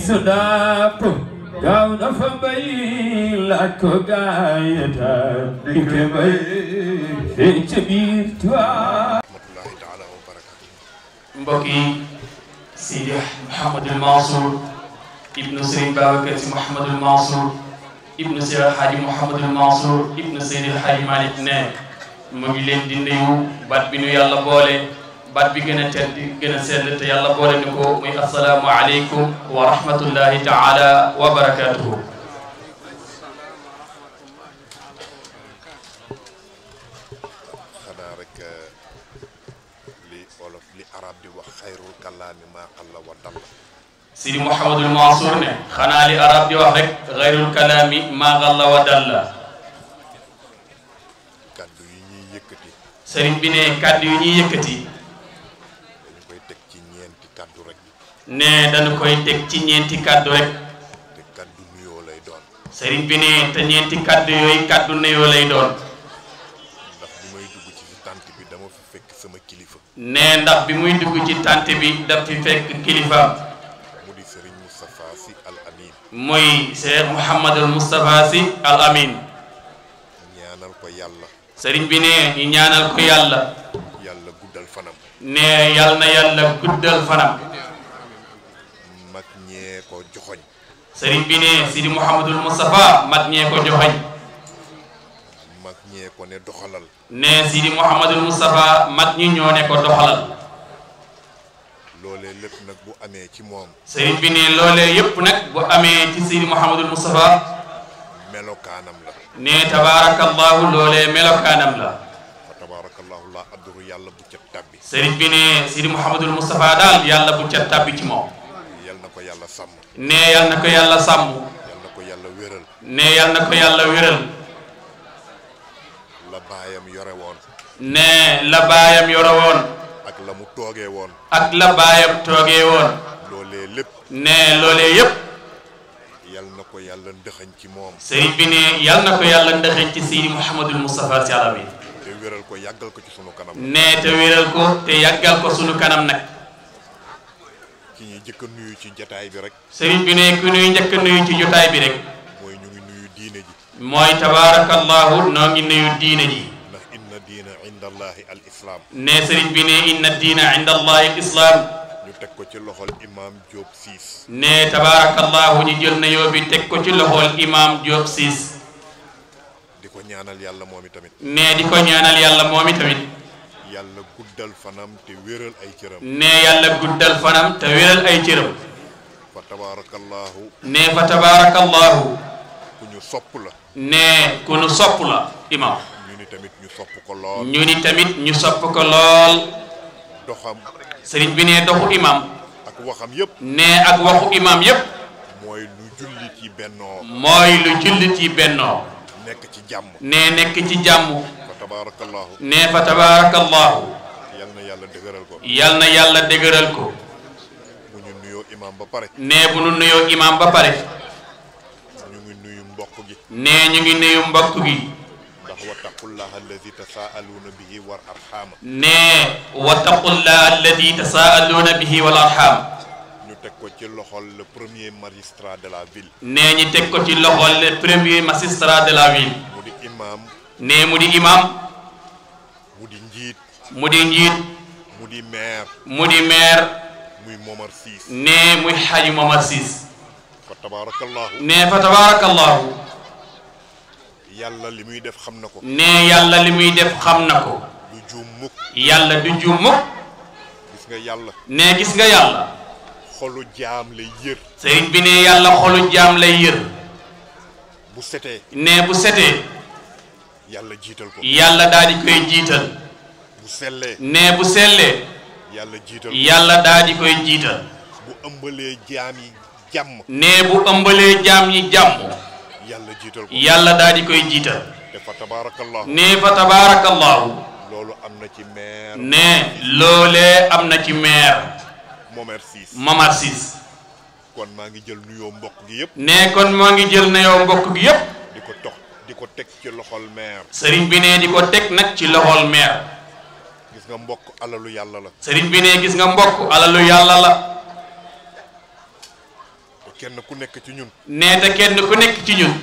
sudaap gaaw na fa mbay laaj ko gaaya daal di ko mbay ci biir tuwaat mbokk yi Sidi Mouhamadul Mansour ibnu Sëriñ Babacar Si Mouhamadul Mansour ibnu Seydi El Hadji Mouhamadul Mansour ibnu Seydi El Hadji Malick ne mu ngi leen di nuyu baat bi nu yàlla boole baat bi gën a tedd gën a sell te yàlla boole ni ko muy assalaamu aleykum wa rahmatullahi taala wa barakaatuhu xanaa rek li olof li arab di wax xayrul kalaami maa qalla wa dalla sidi mouhamadul mansour ne xanaa li arab di wax rek xayrul kalaami maa qalla wa dalla kaddu yi ñuy yëkkati sëriñ bi ne kaddu yi ñuy yëkkati ne dañu koy teg ci ñeenti kàddu rek. te kàddu nuyoo lay doon. sëriñ bi ne te ñeenti kàddu yooyu kàddu nuyoo lay doon. ndax bi may dugg ci tànt bi dama fekk sama kilifa. ne ndax bi muy dugg ci tànt bi daf fi fekk kilifa. mu di sëriñ Moustapha Sy Al Amin. muy Cheikh Mouhamadul Moustapha Sy Al Amin. ñaanal ko yàlla. sëriñ bi ne ñaanal ko yàlla. yàlla guddal fanam. ne yàlla na yàlla guddal fanam. sëriñ bi ne Sidi Mouhamadul Moustapha mag ñee ko joxañ mag ñee ko ne doxalal ne Sidi Mouhamadul Moustapha mag ñi ñoo ne ko doxalal loolee lépp nag bu amee ci moom sëriñ bi ne loolee yépp nag bu amee ci Sidi Mouhamadul Moustapha melokaanam la ne tabaarakallahu loolee melokaanam la fa tabaarakallahu la adduru yàlla bu ca tabbi bi ne Sidi Mouhamadul Moustapha daal yàlla bu ca ci moom nee yal na ko yàlla sàmm. yal na ko yàlla wéral. nee yal la baayam yore woon. nee la baayam yore woon. ak la mu toogee woon. ak la baayam toogee woon. loolee lépp. nee loolee yépp. yal na ko yàlla ndëxañ ci moom. sëriñ bi ne yal na ko yàlla ndëxañ ci Seydi Mouhamadul Moustapha Sy Al te wéral ko yàggal ko ci sunu kanam. nee ki ñuy njëkk a nuyu ci jotaay bi rek. sëriñ bi ne ki ñuy njëkk nuyu ci jotaay bi rek. mooy ñu ngi nuyu diine ji. mooy tabaarakallaahu noo ngi nuyu diine ji. ndax inna diina inda al islam. ne sëriñ bi ne inna diina inda al islam. ñu teg ko ci loxol imaam Diop Siis. ne tabaarakallaahu ñu jël na bi teg ko ci loxol imaam Diop Siis. di ko ñaanal yàlla moom itamit. ne di ko ñaanal yàlla moom itamit. yàlla guddal fanam te wéral ay cëram. nee yàlla guddal fanam te wéral ay cëram. fa fa tabaarakallaahu. ku ñu sopp la. nee ku ñu sopp la imam. ñu ni tamit ñu sopp ko lool. ñu ni doxam. sëriñ bi nee doxu imam. ak waxam yëpp. nee ak waxu imam yëpp. mooy lu jullit yi bennoo. mooy lu jullit yi bennoo. nekk ci jàmm. nee nekk ci jàmm. tabaarakallaahu nee fa tabaarakallaahu yal na yàlla dëgëral ko yal na yàlla dëgëral ko bu ñu nuyoo imaam ba pare nee bu ñu nuyoo imaam ba pare ñu ngi nuyu mbokk gi nee ñu ngi nuyu mbokk gi ndax wattaqullaha alladi tasaaluuna bihi wal arxaama nee wattaqullaha alladi tasaaluuna bihi wal arxaam teg ko ci loxol le premier magistrat de la ville. nee ñu teg ko ci loxol le premier magistrat de la ville. mu di imam. nee mu di imam. njiit mu di njiit mu di maire mu di maire muy Momar Siis nee muy xaji Momar Siis nee fa tabaarakallahu yàlla li muy def xam na ko nee yàlla li muy def xam na ko du juum mukk yàlla du juum mukk gis nga yàlla nee gis nga yàlla xolu jaam lay yër sëriñ bi ne yàlla xolu jaam lay yër bu setee nee bu setee yàlla jiital ko yàlla daal di koy jiital bu sellee. nee bu sellee. yàlla jiital yàlla daa di koy jiital. bu ëmbalee jaam yi jàmm. nee bu ëmbalee jaam yi jàmm. yàlla jiital ko yàlla daa di koy jiital. te fa tabaarakallahu. nee fa tabaarakallahu. loolu am na ci meer. nee loolee am na ci meer. Momar Ciss kon maa ngi jël nuyoo mbokk gi yëpp. nee kon maa ngi jël nuyoo mbokk gi yëpp. di ko tox di ko teg ci loxol meer. sëriñ bi ne di ko teg nag ci loxol meer. nga mbokk alalu yàlla la sëriñ bi ne gis nga mbokk alalu yàlla la te kenn ku nekk ci ñun nee te kenn ku nekk ci ñun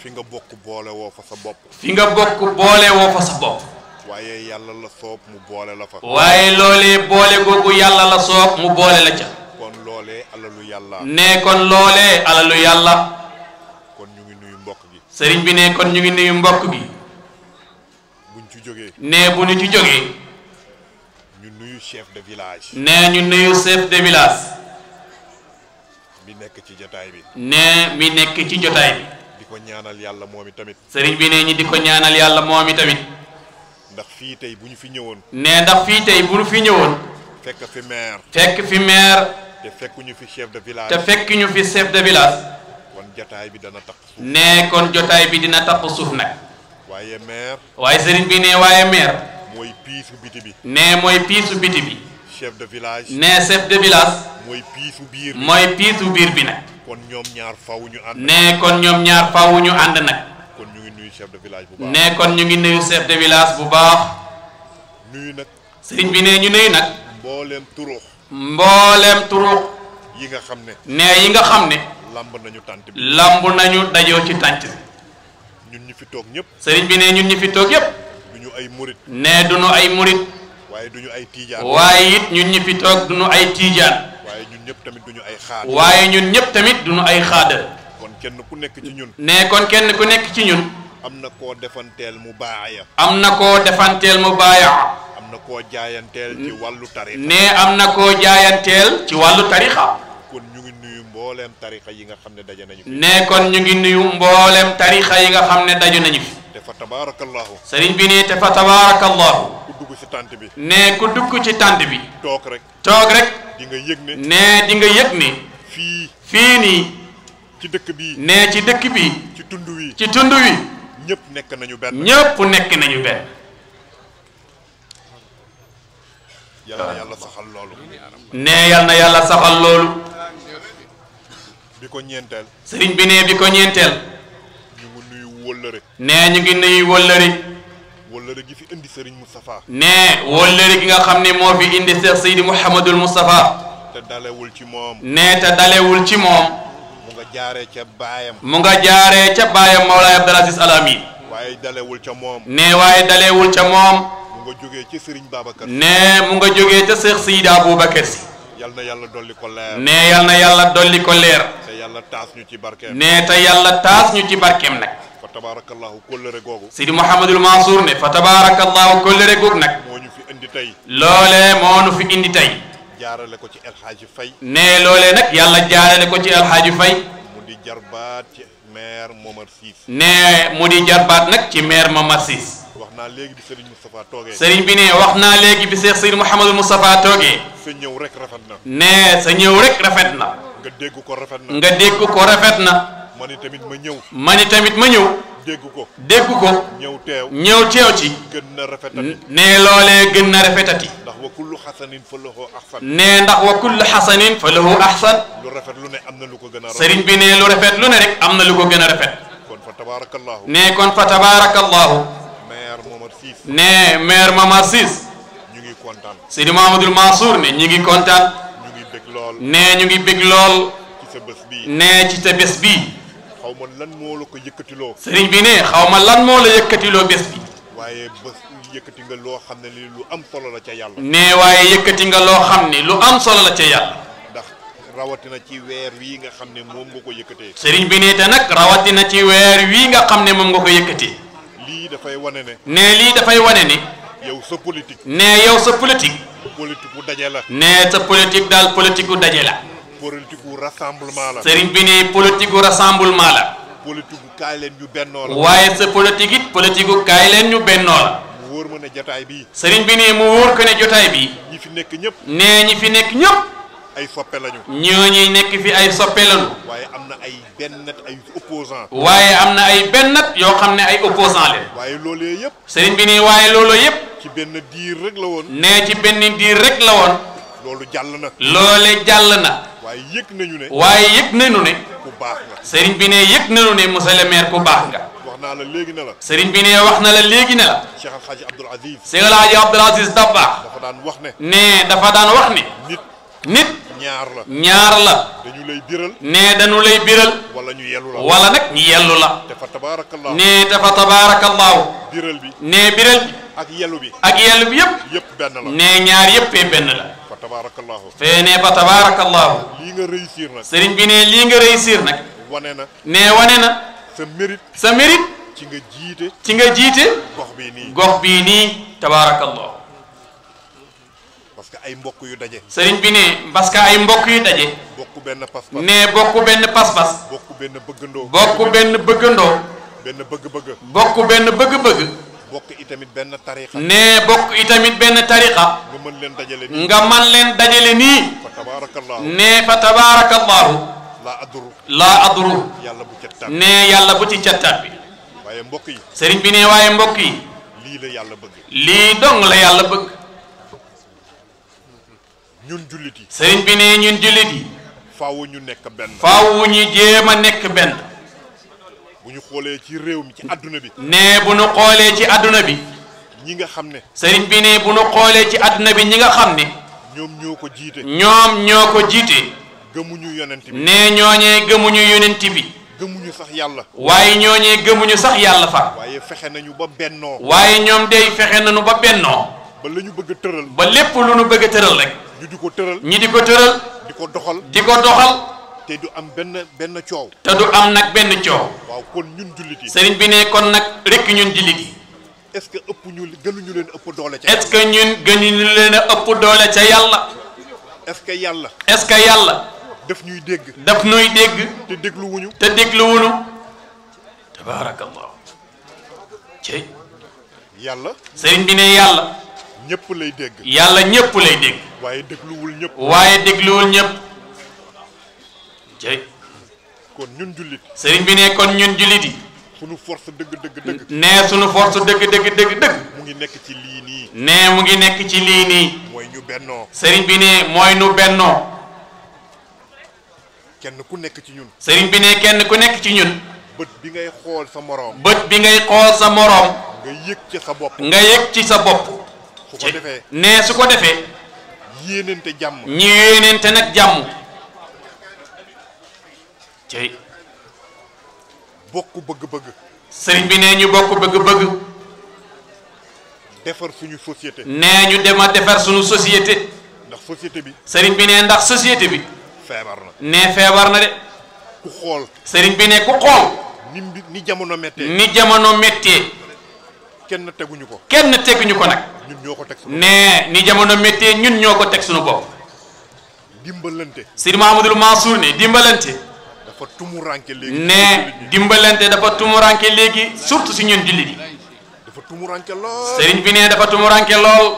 fi nga bokk boole woo fa sa bopp fi nga bokk boole woo fa sa bopp waaye yàlla la soob mu boole la fa waaye loolee boole googu yàlla la soob mu boole la ca kon loolee alalu yàlla ne kon loolee yàlla kon ñu ngi nuyu mbokk gi sëriñ bi ne kon ñu ngi nuyu mbokk gi buñ ci jógee ne bu ñu ci jógee chef de village. nee ñu nuyu chef de village. nekk ci jotaay bi. nee mi nekk ci jotaay bi. di ko ñaanal yàlla moom i tamit. sëriñ bi nee ñi di ko ñaanal yàlla moom i tamit. ndax fii tey bu ñu fi ñëwoon. nee ndax fii tey bu ñu fi ñëwoon. fekk fi maire. fekk fi maire. fi chef de village. te fekkuñu fi chef de village. kon jotaay bi dana taq dina taq suuf nag. waaye maire. waaye sëriñ bi nee waaye maire. mooy piisu bi. nee mooy piisu biti bi. chef de village. nee chef de village. mooy piisu biir. mooy piisu bi nag. kon ñoom ñaar faaw ñu ànd. kon ñoom ñaar faaw ñu ànd nag. kon ñu ngi nuyu chef de village bu baax. nee kon ñu ngi nuyu chef village bu baax. nuyu nag. sëriñ bi nee ñu nuyu nag. mbooleem turux. mbooleem yi nga xam ne. nee yi nga xam ne. lamb nañu tànt bi. lamb nañu dajoo ci tànt bi. ñun ñu fi toog ñëpp. sëriñ bi ne ñun ñu fi toog yëpp. ay murit. nee du ay murit. waaye du ay tiijaan. waaye ñun ñi toog du ay tiijaan. waaye ñun ñëpp tamit du ay xaadar. waaye ñun ñëpp tamit du ay xaadar. kon kenn ku nekk ci ñun. nee kon kenn ku nekk ci ñun. am na koo defanteel mu baaya. am na koo defanteel mu baaya. am na koo jaayanteel ci wàllu tarixa. nee am na koo jaayanteel ci wàllu tarixa. kon ñu nuyu mbooleem tarixa yi nga xam ne daje nañu fi. kon ñu ngi nuyu mboolem tarixa yi nga xam ne daje nañu fi. fa tabaarakallaahu sëriñ bi nii te fa tabaarakallaahu ku dugg ci tànt bi ne ku dugg ci tànt bi toog rek toog rek di di nga yëg ne fii fii nii ci dëkk bii ne ci dëkk bii ci tund wi ci nekk nañu benn ñëpp nekk nañu benn yàlla na yàlla saxal loolu ne yàlla yàlla saxal loolu bi ko ñeenteel sëriñ bi ne bi ko ñeenteel wëllëre nee ñu ngi nuyu wëllëre wëllëre gi fi indi Serigne Moustapha nee wëllëre gi nga xam ne moo fi indi Cheikh Seydi Mouhamadul Moustapha te dalewul ci moom nee te dalewul ci moom mu nga jaaree ca baayam mu nga jaaree ca baayam waaye dalewul ca moom nee waaye dalewul ca moom mu jógee ca Serigne Babacar nee mu nga jógee ca Cheikh Seydi Aboubacar si yal na yàlla dolli ko leer nee yal na yàlla dolli ko leer te yàlla taas ñu ci barkeem nee te yàlla taas ñu ci barkeem nag تبارك الله كل رغوغو سيد محمد المنصور ني فتبارك الله كل رغوغ نك مونو في اندي تاي لولي مونو في اندي تاي جارالي كو سي الحاج فاي ني لولي نك يالا جارالي كو سي الحاج فاي مودي جربات سي مير مومر سيس ني مودي جربات نك سي مير مومر سيس واخنا ليغي بي سيرين مصطفى توغي سيرين بي ني واخنا ليغي بي شيخ سيد محمد المصطفى توغي سا نييو ريك رافتنا ني سا نييو ريك رافتنا nga dégg ko rafet ma ni tamit ma ñëw. ma ni tamit ma ñëw. dégg ko dégg ko. ñëw teew ñëw teew ci. gën na rafetati ne loolee gën na rafetati. ndax wa kullu xasanin fa lahu axsan. ne ndax wa kullu xasanin fa lahu axsan. lu rafet lu ne am na lu ko gën a rafet. sëriñ bi ne lu rafet lu ne rek am na lu ko gën a rafet. kon fa tabaarakallahu. ne kon fa tabaarakallahu. maire Momar Ciss. ne maire Momar Ciss. ñu ngi kontaan. Seydi Mahamadul Mansour ne ñu ngi kontaan. ñu ngi bég lool. ne ñu ngi bég lool. ci sa bés bii. ne ci sa bés bii. xawma lan moo la ko lo. sëriñ bi ne xawma lan moo la lo bés bi waaye bés yëkkati nga loo xam ne li lu am solo la ca yàlla ne waaye yëkkati nga loo xam ne lu am solo la ca yàlla ndax rawatina ci weer wii nga xam ne moom nga ko yëkkatee sëriñ bi ne te nag rawatina ci weer wii nga xam ne nga ko yëkkatee lii dafay wane ne ne lii dafay wane ne yow sa politique ne yow sa politique politique bu daje la ne sa politique daal politique bu daje la politique gu rassemblement la. sëriñ bi ne politique gu rassemblement la. politique gu kaay leen ñu bennoo la. waaye sa politique it leen ñu bennoo la. mu wóor ma ne jotaay bi sëriñ bi ne mu wóor ko ne jotaay bi ñi fi nekk ñëpp. nee ñi fi nekk ñëpp. ay soppe lañu. ñooñuy nekk fi ay soppe lañu. waaye am na ay bennat ay waaye am na ay bennat yoo xam ne ay opposant leen. waaye loolee yëpp. sëriñ bi nii waaye looloo yëpp. ci benn diir rek la woon. nee ci benn diir rek la woon. loolu jàll na. loole jàll na. waaye yëg nañu ne. waaye yëg nañu ne. ku baax nga sëriñ bi ne yëg nañu ne monsieur le maire ku baax nga. wax naa la léegi ne la. sëriñ bi ne wax na la léegi ne la. Cheikh El Hadj Abdoul Aziz. Cheikh El Hadj Abdoul Aziz Dabakh. dafa daan wax ne. ne dafa daan wax ne. nit nit. ñaar la ñaar la dañu lay biral ne dañu lay biral wala ñu yellu la wala nag ñu yellu la te fa tabaarakallaahu ne te biral bi ne biral bi ak yellu bi ak yellu bi yëpp yëpp benn la ñaar yëppee benn la fa tabaarakallaahu fee ne fa tabaarakallaahu nga réussir nag sëriñ bi ne lii nga réussir nag wane na wane na sa mérite sa mérite ci nga jiite ci nga jiite gox gox bii nii tabaarakallaahu ay mbokk yu daje. sëriñ bi ne parce que ay mbokk yu daje. bokk benn pas-pas ne bokk benn pas-pas. bokk benn bëggandoo. bokk benn bëggandoo. benn bëgg-bëgg. bokk benn bëgg-bëgg. bokk itamit benn tariqa. ne bokk itamit benn tariqa. nga mën leen dajale nii. nga mën leen dajale nii. fa tabaarakallaahu ne fa tabaarakallaahu. laa aduru. laa aduru. yàlla bu cattaat ne yàlla bu ci cattaat bi. waaye mbokk yi. sëriñ bi ne waaye mbokk yi. lii la yàlla bëgg. lii dong la yàlla bëgg. ñun jullit yi. sëriñ bi ne ñun jullit yi. faaw ñu nekk benn. faaw ñu jéem a nekk benn. bu ñu xoolee ci réew mi ci àdduna bi. ne bu ñu xoolee ci àdduna bi. ñi nga xam ne. sëriñ bi ne bu ñu xoolee ci àdduna bi ñi nga xam ne. ñoom ñoo ko jiite. ñoom ñoo ko jiite. gëmuñu yonent bi. ne ñooñee gëmuñu yonent bi. gëmuñu sax yàlla. waaye ñooñee gëmuñu sax yàlla fa. waaye fexe nañu ba bennoo. waaye ñoom day fexe nañu ba bennoo. ba la ñu bëgg a ba lépp lu ñu bëgg a tëral rek. ñu di ko tëral. ñi di ko tëral. di ko doxal di ko doxal. te du am benn benn coow. te du am nag benn coow. waaw ñun jullit yi. sëriñ bi ne kon nag rekk ñun jullit yi. est-ce que ëpp ñu gënuñu leen ëpp doole ca. est-ce que ne leen a ëpp doole ca yàlla. est-ce que yàlla. est-ce que yàlla. daf ñuy dégg. daf ñuy dégg. te dégluwuñu. te dégluwuñu. yàlla. sëriñ bi ne yàlla. ñëpp lay dégg. yàlla ñëpp lay dégg. waaye dégluwul ñëpp. waaye dégluwul ñëpp. jërëjëf. kon ñun jullit. sëriñ bi ne kon ñun jullit yi. sunu force dëgg dëgg dëgg. nee mu ngi nekk ci lii nii. nee mu ngi nekk ci nii. mooy ñu bennoo. sëriñ bi ne mooy ñu bennoo. kenn ku nekk ci ñun. sëriñ bi ne kenn ku nekk ci ñun. bët bi ngay xool sa moroom. bët bi ngay xool sa moroom. nga yëg ci sa bopp. nga yëg ci sa bopp. ci nee su ko defee. yéenente jàmm ñu yéenente nag jàmm. bokk bëgg bi nee ñu bokk bëgg-bëgg. defar suñu société. nee ñu dem a defar suñu société. ndax société bi. sëriñ bi nee ndax société bi. feebar na nee feebar na de. xool. sëriñ bi nee ku xool. ni jamono méttee. ni jamono méttee. kenn teguñu ko. kenn teguñu ko ñun suñu nee ni jamono méttee ñun ñoo tek suñu bopp. dimbalante. Sidi Mahamadul Mansour ne dimbalante. dafa tumuranke léegi. nee dimbalante dafa tumuranke léegi surtout si ñun jullit yi. dafa sëriñ bi ne dafa tumuranke lool.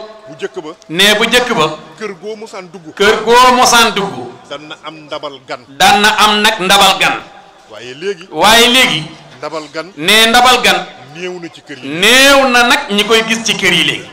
bu ba. nee bu njëkk ba. kër goo mosaan dugg. kër goo mosaan dugg. daan na am ndabal gan. daan am nag ndabal gan. ndabal gan. nee ndabal gan. néew na ci kër yi. néew na nag ñi koy gis ci kër yi léegi.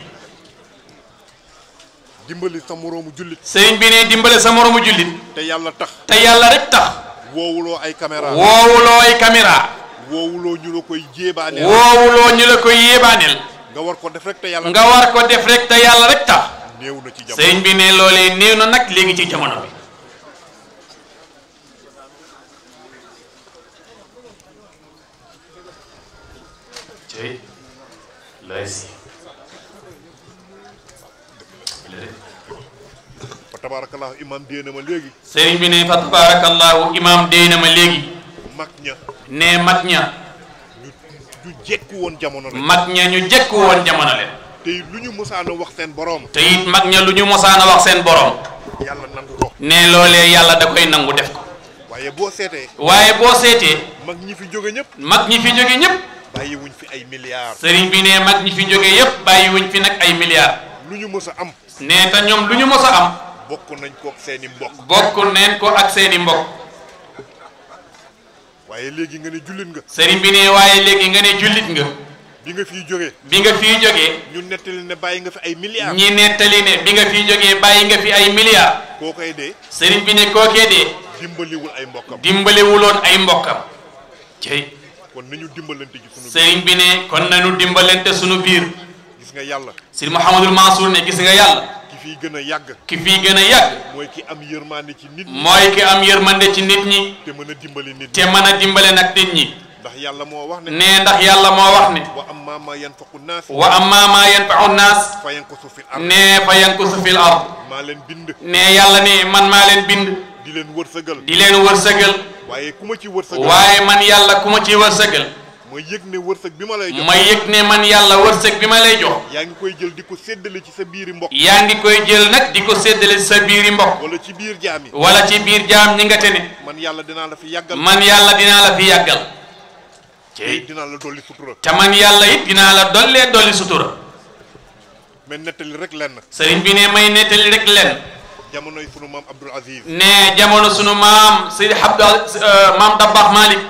dimbali sa moroomu jullit. sëriñ bi ne dimbali sa moroomu jullit. te yàlla tax te yàlla rek tax. woowuloo ay caméra woowuloo ay caméra. woowuloo ñu koy jéebaaneel. woowuloo ñu la koy yéebaaneel. nga war ko def rek te yàlla. nga war ko def rek te yàlla rek tax. ci jamono sëriñ bi ne loolee néew na nag léegi ci jamono bi. State l'ASI. fa tabaarakallaahu léegi. sëriñ bi ne fa tabaarakallaahu imaam dee na léegi. mag ña. nee mag ña. ñu jekku woon jamono leen. mag ña ñu jekku woon jamono leen. te wax seen borom. te mag ña lu ñu mosaan wax seen borom. yàlla nangu yàlla da koy nangu def ko. waaye boo seetee. mag ñi fi jóge ñëpp. mag ñi fi jóge ñëpp. bàyyi fi ay milliards. sëriñ bi ne mag ñi fi jógee yépp bàyyi fi nag ay milliards. lu ñu mës a am. nee te ñoom lu ñu mës am. bokk nañ ko ak seeni mbokk. bokk neen ko ak seeni mbokk. waaye léegi nga ne nga. sëriñ bi ne waaye léegi nga ne jullit nga. bi nga fiy jógee. bi nga bàyyi nga fi ay milliards. ñi nettali ne bi nga fiy jógee bàyyi nga fi ay milliards. koo koy dee. sëriñ bi ne koo koy dee. dimbaliwul ay mbokkam. dimbaliwuloon ay mbokkam. kon nañu dimbalante ci sunu sëriñ bi ne kon nañu dimbalante sunu biir. gis nga yàlla. sëriñ Mouhamadul Mansour ne gis nga yàlla. ki fii gën a yàgg. ki fii gën a yàgg. mooy ki am yërmande ci nit ñi. mooy ki ci nit ñi. te mën a dimbali nit ñi te mën a dimbale nag nit ñi. yàlla moo wax ne. nee ndax yàlla moo wax ne. wa amma ma yanfaqu naas. wa amma ma yanfaqu naas. fa yankusu nee fa yankusu fil ard. maa leen bind. yàlla ne man maa leen bind. di leen wërsëgal. di leen wërsëgal. waaye ma ci wërsëgal. waaye man yàlla ku ma ci wërsëgal. ma yëg ne wërsëg bi ma lay jox ma yëg ne man yàlla wërsëg bi ma lay jox. yaa ngi koy jël di ko séddale ci sa biiri mbokk. yaa ngi koy jël nag di ko séddale ci sa biiri wala ci biir jaam yi. wala ci biir jaam ñi nga tene. man yàlla dinaa la fi yàggal. man yàlla dinaa la fi yàggal. tey la dolli sutura. te man yàlla it dinaa la dollee dolli sutura. sëriñ bi ne may nettali rek lenn. jamonoy sunu maam Abdoul Aziz. ne jamono sunu maam Seydi Abdoul maam Dabakh Malick.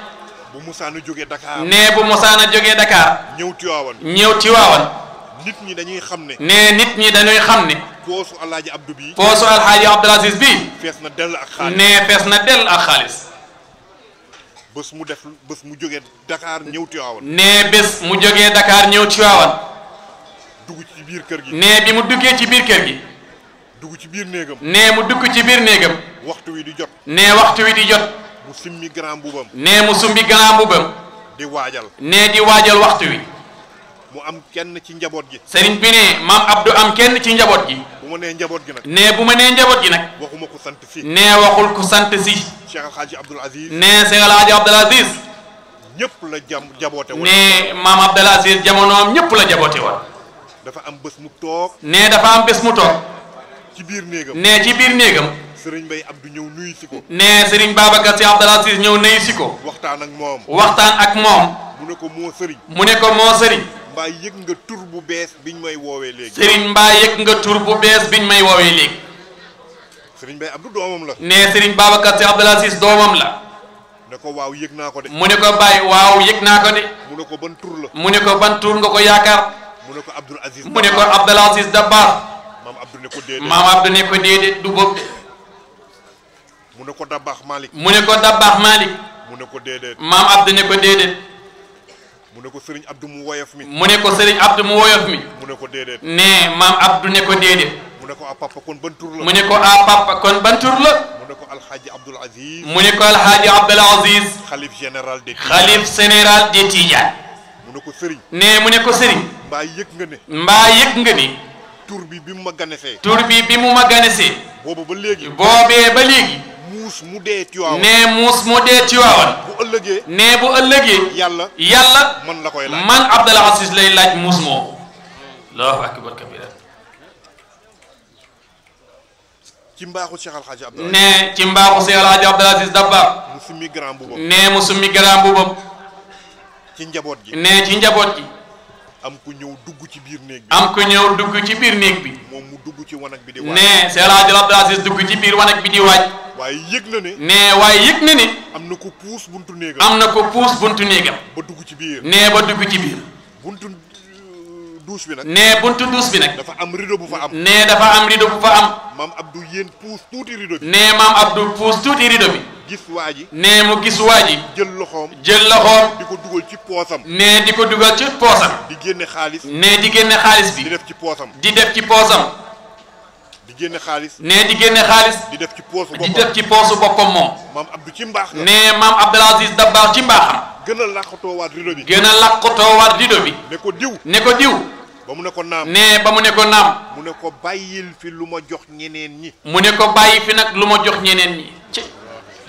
bu Musaana jógee Dakar. ne bu Musaana jógee Dakar. ñëw Tiwaawan. ñëw Tiwaawan. nit ñi dañuy xam ne. ne nit ñi dañuy xam ne. poosu alaaji Abdou bii. poosu alaaji Abdoul Aziz bii. fees na dell ak xaalis ne fees na dell ak xaalis. bés mu def bés mu jógee Dakar ñëw Tiwaawan. ne bés mu jógee Dakar ñëw Tiwaawan. dugg ci biir kër gi. ne bi mu duggee ci biir kër gi. dugg ci biir néegam. nee mu dugg ci biir néegam. waxtu wi di jot. nee waxtu wi jot. mu summi grand mbubbam. nee mu di waajal. nee di waajal waxtu wi. mu am kenn ci njaboot gi. sëriñ bi ne maam Abdou am kenn ci njaboot gi. bu ma nee njaboot gi nag. nee bu ma nee njaboot gi nag. waxuma ko sant si. nee waxul ko sant si. Cheikh El Hadj Abdoul Aziz. nee Cheikh El Hadj Aziz. ñëpp la jam jaboote woon. nee maam Abdoul Aziz am ñëpp la jaboote woon. dafa am bés mu toog. ne dafa am bés mu toog. ci biir néegam nee ci biir néegam. Serigne Mbaye Abdou ñëw nuyu si ko. nee Serigne Babacar Sy Abdou ñëw nuyu si ko. waxtaan ak moom. waxtaan ak moom. mu ne ko moo sëriñ mu ne ko moo Serigne. mbaa yëg nga tur bu bees ñu may woowee léegi. Serigne mbaa yëg nga tur bu bees biñ may woowee léegi. Serigne Mbaye Abdou la. nee Serigne Babacar Sy Abdou doomam la. ne ko waaw yëg naa ko de. mu ne ko bàyyi waaw yëg naa ko de. mu ne ko ban tur la. mu ne nga ko yaakaar. mu ne ko Abdou Aziz. mu ne ko Abdou Aziz Abdou ne maam Abdou ne ko déedéet du boobu de. mu ne ko Dabaax Malick mu ne ko Dabaax Malick mu ne ko déedéet maam mu ne ko Serigne Abdou mu woyof mi ne ko Serigne Abdou mu mu ne ko déedéet maam Abdou ne ko déedéet. mu ne ko a papa kon ban tur la mu ne ko a papa kon ban la. mu ne ko Alhaji Abdoul Aziz mu ne ko Alhaji Abdoul Aziz. xalif général de Tidjane mu ne ko Serigne mbaa yëg nga ne. mbaa yëg nga ni. tur bi bi mu ma ganesee. tur bi bi mu ma ganesee. boobee ba léegi. nee muus mu dee Tiwaawan. nee bu ëllëgee. yàlla yàlla. man la koy laaj lay laaj muus moo. mbaaxu Cheikh nee ci mbaaxu Cheikh Al Hadj Abdul Aziz nee mu summi grand boubam. njaboot gi. nee ci njaboot gi. am ku ñëw dugg ci biir néeg bi. am ku ñëw ci biir néeg bi. moom mu dugg ci wanag bi di waaj. nee Seex Alaaji Abdul Asiis ci biir wanag bi di waaj. waaye yëg na ne. nee waaye yëg na ne. am na ko puus buntu néegam. am na ko puus buntu néegam. ba dugg ci biir. nee ba dugg ci biir. buntu uh, douche bi nag. nee buntu douche bi nag. dafa am rideau bu fa am. nee dafa am rideau bu fa am. maam Abdou yéen puus tuuti rideau bi. nee maam Abdou puus tuuti rideau bi. gis waa ji nee mu gis waa ji jël loxoom jël di ko dugal ci poosam nee di ko dugal ci poosam di génne xaalis nee di génne xaalis bi di def ci poosam di def ci poosam di génne xaalis nee di génne xaalis di def ci poosu boppam di def ci poosu boppam moom maam Abdou ci mbaax nee maam Abdoul Aziz Dabakh ci mbaaxam gën a làqatoowaat rido bi gën a làqatoowaat rido bi ne ko diw ne ko diw ba mu ne ba mu ne ko naam mu ne ko bàyyil fi lu ma jox ñeneen ñi mu ne ko bàyyi fi nag lu ma jox ñeneen ñi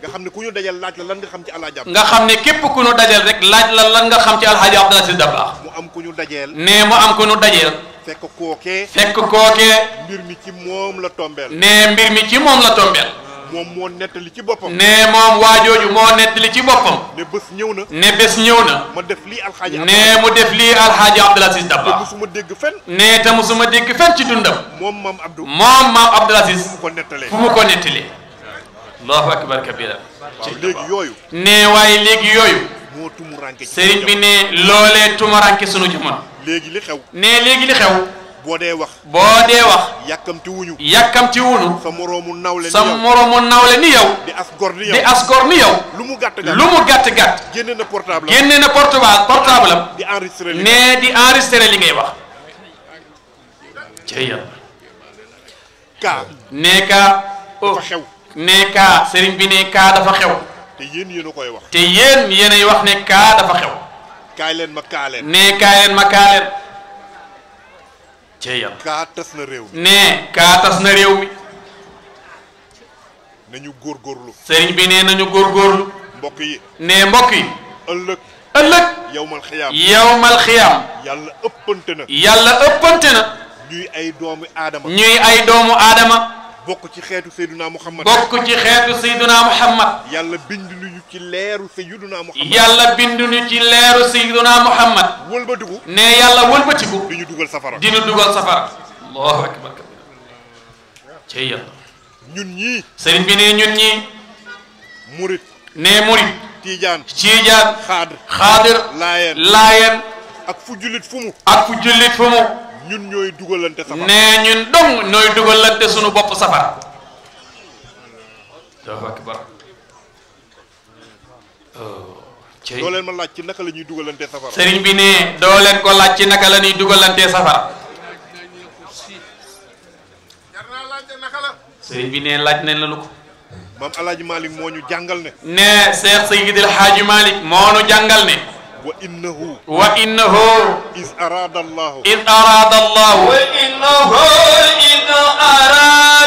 nga xam ne ku ñu dajal laaj la lan nga xam ci alaaji nga xam ne képp ku ñu dajal rek laaj la lan nga xam ci alxaaji Abdou Aziz Dabakh mu am ku ñu dajeel ne mu am ku ñu dajeel fekk kookee fekk kookee mbir mi ci moom la tombeel ne mbir mi ci moom la tombeel moom moo nettali ci boppam ne moom waajooju moo nettali ci boppam ne bés ñëw na ne bés ñëw na ma def lii alxaaji ne mu def lii alxaaji Abdou Aziz dégg fenn ne te musuma dégg fenn ci dundam moom maam Abdou moom maam Abdou Aziz fu mu ko nettalee fu mu ko nettalee allahu akbar kabira ci ne waaye léegi yooyu moo tumuranke sëriñ bi ne loolee tumuranke sunu jamono léegi li xew ne léegi li xew boo dee wax boo dee wax yàkkamti wuñu yàkkamti wuñu sa moroomu nawle sa moroomu nawle ni yow di as gor ni yow di yow lu mu gàtt gàtt lu mu gàtt gàtt génne na portable génne na portable portable am di enregistré ne di enregistré li ngay wax ci yàlla ka ne serigne bi ne dafa xew. te yeen yeen koy wax. te yeen yéen ay wax ne dafa xew. kaay len ma kaa ne kay len ma kaa leen. cee ka tass na rew mi. ne ka tass na rew mi. nañu gor gorlu serigne bi ne nañu gorlu mbokk yi. ne mbokk yi. ëllëg. ëllëg. yawmal khiyam yawmal khiyam yalla ëppante na. yalla ëppante na. ñuy ay doomu adama ñuy ay doomu adama bokk ci xeetu Seyduna Muhammad. bokk ci xeetu Seyduna Muhammad. yàlla bind ñu ci leeru Seyduna Muhammad. yàlla bind ñu ci leeru Seyduna Muhammad. wëlbatiku. ne yàlla wëlbatiku. di ñu dugal safara di ñu safara. allahu akbar. cey yàlla. ñun ñii. sëriñ bi ne ñun ñii. murit. ne murit. tiijaan tiijaan. xaadir xaadir. laayeen laayeen. ak fu jullit fu ak fu jullit fu ñun ñooy dugalante safara nee sunu bopp safara Allahu akbar oh, laaj ci naka la ñuy dugalante safara sëriñ bi ne doo leen ko laaj ci naka la ñuy dugalante safara sëriñ bi ne laaj nañ la lu ko maam alaaji Malick moo ñu jàngal ne ne Seex Seydil Haaji Malick moo ñu jàngal ne وإنه وإنه إذ أراد الله إذ أراد الله وإنه إذ أراد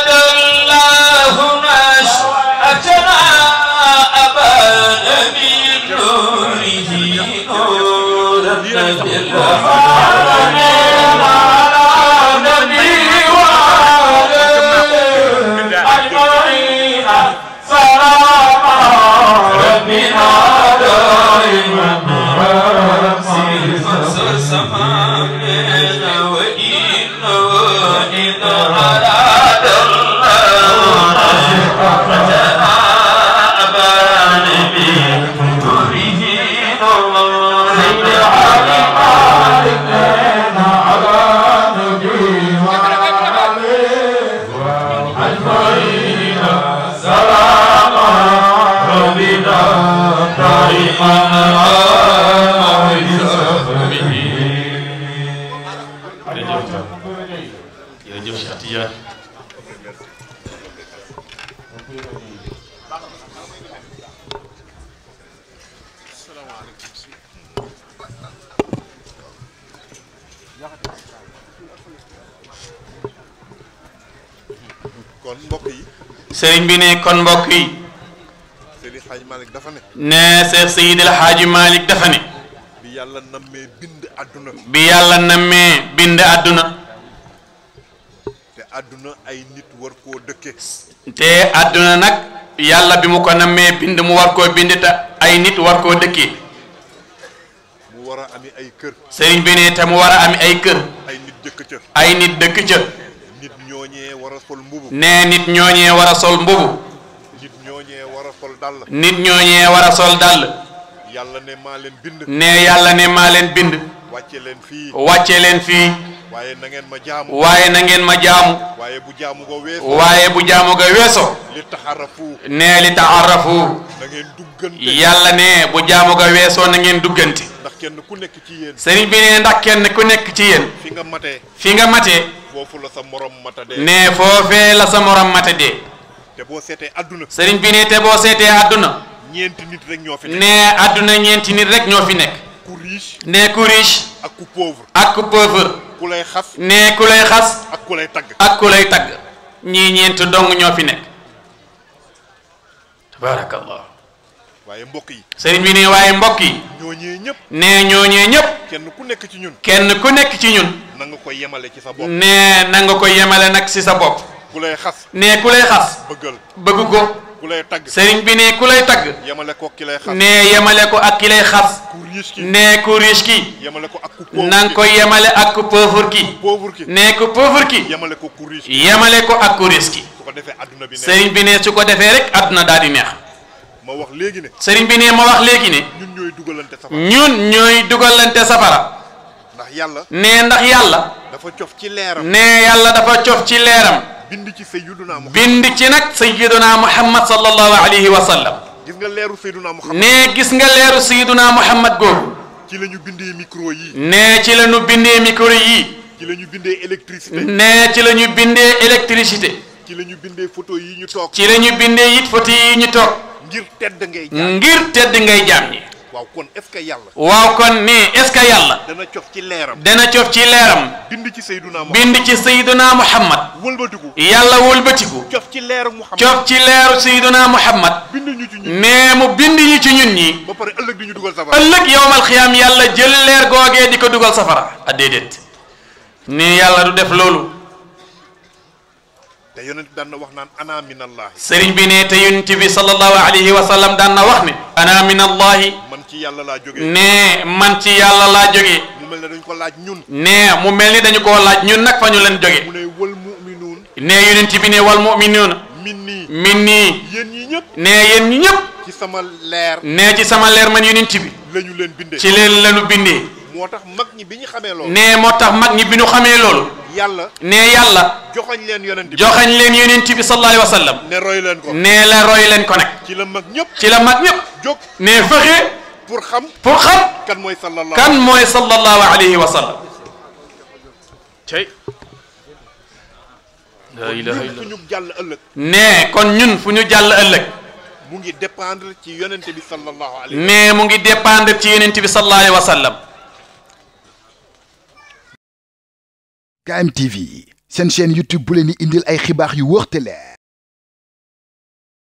sëriñ bi ne kon mbokk yi Malick dafa ne. nee Cheikh Seydil Hadji dafa ne. bi yàlla nammee bind àdduna. bi te àdduna ay nit nag yàlla bi mu ko nammee bind mu war koo bind te ay nit war koo dëkkee. war ay kër. sëriñ bi ne te mu war a ami ay kër. ay nit dëkk ca. ay nit ñooñee war sol mbubu. nee nit ñooñee war sol mbubu. nit ñooñee war a sol dàll. nit ñooñee a yàlla ne maa leen bind. ne yàlla ne maa leen bind. wàcce leen fii. wàcce leen fii. waaye na ma jaamu. waaye na ngeen ma jaamu. waaye bu jaamu ga weesoo. waaye bu jaamu ga li taxarafu. nee li taxarafu. na ngeen duggante. yàlla ne bu jaamu ga weesoo na ngeen duggante. ndax kenn ku nekk ci yéen. sëriñ bi ne ndax kenn ku nekk ci yéen. fi nga matee. fi nga matee. foofu la sa morom matadee. ne foofee la sa morom matadee. te boo seetee adduna. sëriñ bi ne te boo seetee adduna. ñeenti nit rek ñoo fi nekk nee adduna ñeenti nit rek ñoo fi nekk. ku riche. nee ku riche. ak ku pauvre. xas. nee ku lay xas. ak ku lay tagg. ak ku tagg ñii ñeent dong ñoo fi nekk. tabarakallah. waaye mbokk yi. sëriñ bi ne waaye mbokk yi. ñooñee ñëpp. nee ñooñee ñëpp. kenn ku nekk ci ñun. kenn ku nekk ci ñun. na nga koy yemale ci sa bopp. nee nanga ko koy yemale nag ci sa bopp. ku lay nee ku lay xas. bëggal bëgg ko. lay tagg sëriñ bi ne ku lay tagg. yemale ko ki lay xas yemale ko ak ki lay xas. nee ku riche ki. yemale ko ak ku pauvre ki na yemale ak ku pauvre ki. ne ku pauvre ki. yemale ko ku riche ki yemale ko ak ku riche ki. sëriñ bi ne su ko defee rek àdduna daal di neex. ma léegi ne. sëriñ bi ne ma wax léegi ne. ñun ñooy dugalante safara. ñun ñooy dugalante safara. yàlla. nee ndax yàlla. dafa cof ci leeram. nee yàlla dafa cof ci leeram. bind ci sayyiduna Muhammad. bind ci nag sayyiduna Muhammad sallallahu alayhi wa sallam. gis nga leeru sayyiduna Muhammad. nee gis nga leeru sayyiduna Muhammad googu. ci la ñu bindee micro yi. nee ci la bindee micro yi. ci la ñu bindee électricité. nee ci la ñu bindee électricité. ci lañu bindee photo yi ñu toog. ci la ñu bindee it photo yi ñu toog. ngir tedd ngay jaam ngir tedd ngay jaam waaw kon est-ce que yàlla. waaw kon mais est-ce que yàlla. dana cof ci leeram. dana cof ci leeram. bind ci Sayyiduna Muhammad bind ci Sayyiduna Muhammad. wëlbatiku yàlla wëlbatiku. cof ci leeru Muhammad cof ci leeru Sayyiduna Muhammad. bind ñu ci ñun mais mu bind ñu ci ñun ñi. ba pare ëllëg di ñu dugal safara. ëllëg yowmal xiyaam yàlla jël leer googee di ko dugal safara. ah déedéet ni yàlla du def loolu. te yonent bi daan na wax naan ana minallahi sëriñ bi ne te yonent bi sallallahu alayhi wa sallam daan na wax ne ana minallahi man ci yàlla laa jógee ne man ci yàlla laa jóge mu ne ko laaj ñun ne mu mel ni dañu ko laaj ñun nag fa ñu leen jógee mu ne wal muminuun ne yonent bi ne wal muminuun min nii min nii yéen ñi ñëpp ne yéen ñi ñëpp ci sama leer ne ci sama leer man yonent bi lañu leen bindee ci leen lañu bindee moo tax mag ñi bi ñu xamee loolu ne moo tax mag ñi bi ñu xamee loolu yàlla ne yàlla joxañ leen yonent bi joxañ leen sallallahu alaihi wasallam sallam ne roy leen ko ne la roy leen ko nag ci la mag ñëpp ci la mag ñëpp jóg ne fexe pour xam pour xam kan mooy sallallahu kan mooy sallallahu alayhi wa sallam la ilaha illa ñu jàll ëllëg ne kon ñun fu ñu jàll ëllëg mu ngi dépendre ci yonent bi sallallahu alayhi ne mu ngi dépendre ci yonent sallallahu alayhi wa KMTV seen chaîne YouTube bu leen di indil ay xibaax yu wóor te leer